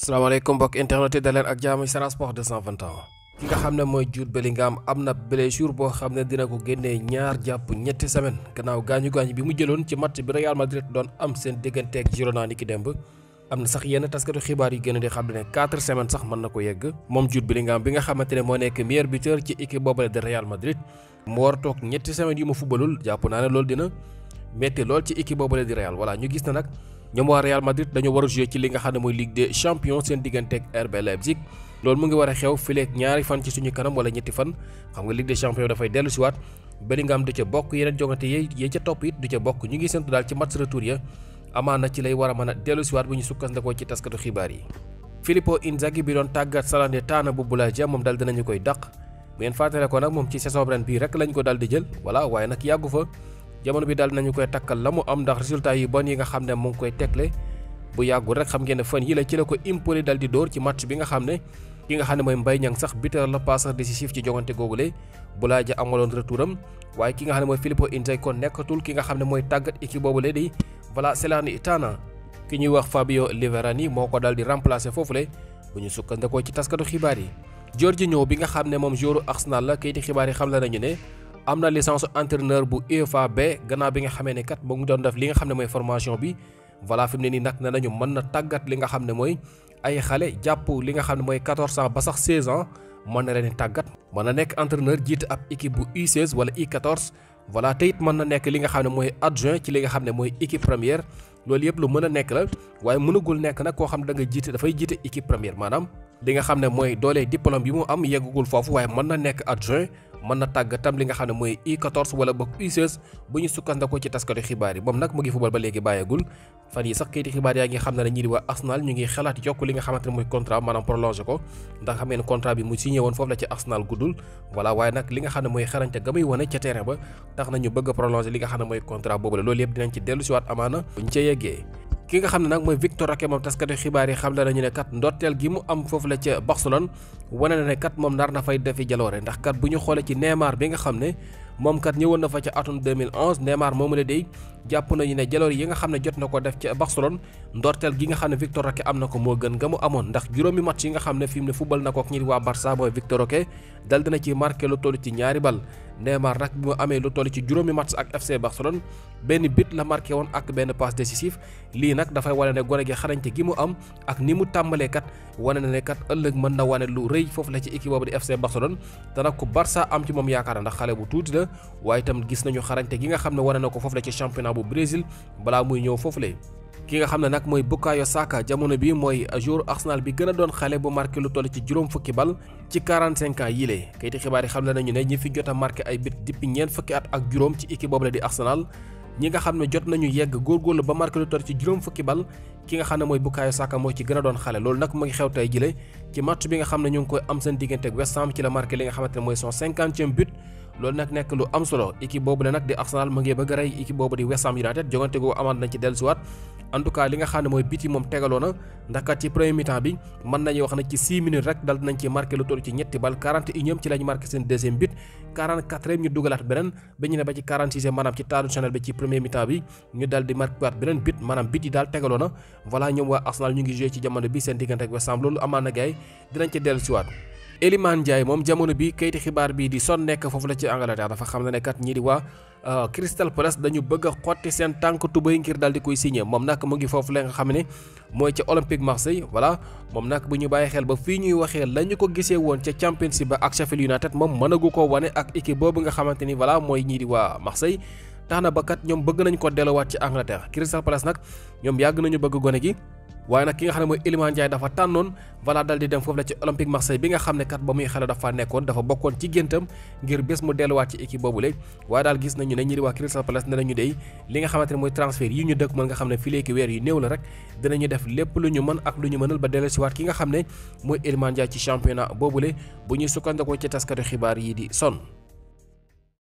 salaamaaleykum bok internet dalen daleen ak jamu Sen Sports 221 ki nga xamne moy mooy Jude Bellingham am na blessure bo xamne dina ko génnee ñaar japp ñetti semaine gannaaw gañu gañu bi mu jëlone ci match bi Real Madrid don am seen ak Girona ni ki demb amna sax yene taskatu xibaar yu gëna di xam ne quatre sax man nako yegg moom Jude Bellingham bi nga xamantene mo nek meilleur buteur ci équipe boobale de Real Madrid mu war tok ñetti semaine yu mu footballul japp naa ne loolu dina metti lol ci équipe boobale de Real wala ñu gis na nak ñoom waa Real Madrid dañoo war a jouer ci li nga xam ne mooy Ligue des Champions seen diggante ak RB Leipzig loolu mu ngi war a xew fileeg ñaari fan ci suñu kanam wala ñetti fan xam nga Ligue des Champions dafay dellu siwaat Bellingham du ca bokk yeneen jongante ye yee ca topp it du ca bokk ñu ngi séntu daal ci match retour ya amaana ci lay war a mën a dellu siwaat bu ñu sukkandikoo ci taskatu xibaar yi Filippo Inzaghi bi doon tàggat Salernitana bu Boulaye moom daal dinañu koy dàq bu ko nag moom ci saison bii rek lañ ko daal di jël voilà waaye nag yàggu fa jamono bi daal nañu koy takkal la mu am ndax résultat yu bon yi nga xam ne mu ngi koy tegle bu yàggul rek xam ngeen ne fan yi la ci la ko Empoli dal di dóor ci match bi nga xam ne ki nga xam ne mooy Mbaye Niang sax buteur la passeur décisif ci jogante googule Boulaye Dia amaloon retouram waaye ki nga xam ne mooy Filippo Inzaghi kon nekkatul ki nga xam ne mooy tàggat équipe boobule di Salernitana ki ñuy wax Fabio Liverani moo ko dal di remplacer foofule bu ñu sukkandikoo ci taskatu xibaar yi ñëw bi nga xam ne moom joueur Arsenal la kayiti xibaar yi xam la nañu ne am na licence entraîneur bu UEFA B gannaaw bi nga xamee ne kat ba mu doon def li nga xam ne mooy formation bi voilà fi ne nii nag ne nañu mën na tàggat li nga xam ne mooy ay xale jàpp li nga xam ne mooy 14 cent ba sax 16 ans mën na leen tàggat mën na nekk entraîneur jiit ab équipe bu U16 wala U14 voilà mën na nekk li nga xam ne mooy adjoint ci li nga xam ne mooy équipe première loolu yëpp lu mën a nekk la waaye mënagul nekk nag koo xam ne da nga jiite dafay jiite équipe première maanaam li nga xam ne mooy doole bi mu am yeggagul foofu waaye mën na nekk adjoint mën na tàggatam li nga xam ne mooy e U14 wala boog U16 bu ñu sukkandiku ci taskatu xibaar yi moom nag mu ngi football ba léegi bàyyeegul fan yi sax kayiti xibaar yaa ngi xam ne ne ñi di waa Arsenal ñu ngi xalaat yokk li nga xamante ne mooy contrat a prolongé ko ndax xam ngeen contrat bi mu signé woon foofu la ci Arsenal guddul voilà waaye nag li nga xam ne mooy xarañte ga muy wane ca terrain ba tax nañu bëgg a prolongé li nga xam ne mooy ki nga xam ne nag mooy Victor Roque moom taskati xibaar yi xam la nañu ne kat ndorteel gi mu am foofu la ca Barcelone wane na ne kat moom nar na fay defi jaloore ndax kat bu ñu xoolee ci Neymar bi nga xam ne moom kat ñëwoon na fa ca atum 2011 Neymar moomu la dey jàpp nañu ne jaloor yi nga xam ne jot na ko def ca Barcelone ndorteel gi nga xam ne Victor Roque am na ko moo gën nga mu amoon ndax juróomi match yi nga xam ne fi mu ne football ko ak ñi di waa Barça mooy Victor Roque ci ñaari bal Neymar nag bi mu amee lu toll ci juróomi match ak FC Barcelone benn bit la marqué woon ak benn passe décisif lii nag dafay wane ne gone gi xarañte gi mu am ak ni mu tàmbalee kat wane na ne kat ëllëg mën na wane lu rëy foofu la ci équipe boobu di FC Barcelone te nag ku Barça am ci moom yaakaar ndax xale bu tuuti la waaye tam gis nañu xarañte gi nga xam ne wane na ko foofu la ci championnat bu Brésil balaa muy ñëw foofu la ki nga xam ne nag mooy Bukayo Saka jamono bi mooy jour Arsenal bi gën a doon xale bu marqué lu toll ci juróom fukki bal ci 45 ans ne nañu jot a marqué ay bit dippi ñeent fukki at di Arsenal ñi nga xam ne jot nañu yegg góorgóorlu ba marqué lu toll ci juróom fukki bal ki nga xam ne mooy Bukayo Saka moo ci gën a doon xale loolu nag mu ngi xew tey jile ci match bi nga xam ne ñu ngi koy am seen diggante ak West Ham ci la marqué li nga xamante mooy son cinquantième but loolu nag nekk lu am solo équipe boobu la nag di Arsenal mu ngi bëgg a rey équipe boobu di West Ham United jogante goo amaat nañ ci dellusiwaat en li nga xam ne mooy biti moom tegaloo na ndax kat ci premier mi-temps bi mën nañu wax ne ci 6 minutes rek dal nañ ci marqué lu toll ci ñetti bal 41eem ci lañ marqué seen deuxième but 44eem ñu dugalaat beneen ba ne ba ci 46eem maanaam ci traditionnel bi ci premier Eliman Ndiaye mom jamono bi kayti xibar bi di son nek fofu la ci Angleterre dafa xam ne kat ñi di wa euh, Crystal Palace dañu bëgg xoti sen tank tànk ngir dal di koy signé mom nak mo ngi fofu la nga xam ne mooy Olympique Marseille voilà mom nak bu ñu baye xel ba fi ñuy waxe lañu ko gisee woon ca Championship ba ak Sheffield United mom mënagu ko wone ak équipe bobu nga xamanteni voilà moy ñi di wa Marseille tax na ba kat ñoom bëgg nañ ko delluwaat ci Angleterre Crystal Palace nag ñoom gi waaye nag ki nga xam ne mooy Iliman Ndiaye dafa tànnoon voilà dal di dem foofu la ci Olympique Marseille bi nga xam ne kat ba muy xale dafa nekkoon dafa bokkoon ci géntam ngir bés mu delluwaat ci équipe boobule waaye daal gis nañu ne ñi di waa Crystal Palace ne nañu dey li nga xamante ne mooy transfert yi ñu dëkk mën nga xam ne fi léegi weer yu néew la rek dinañu def lépp lu ñu mën ak lu ñu mënal ba dellusiwaat ki nga xam ne mooy Iliman Ndiaye ci championnat boob bu ñuy sukkandikoo ci taskatu xibaar yi di son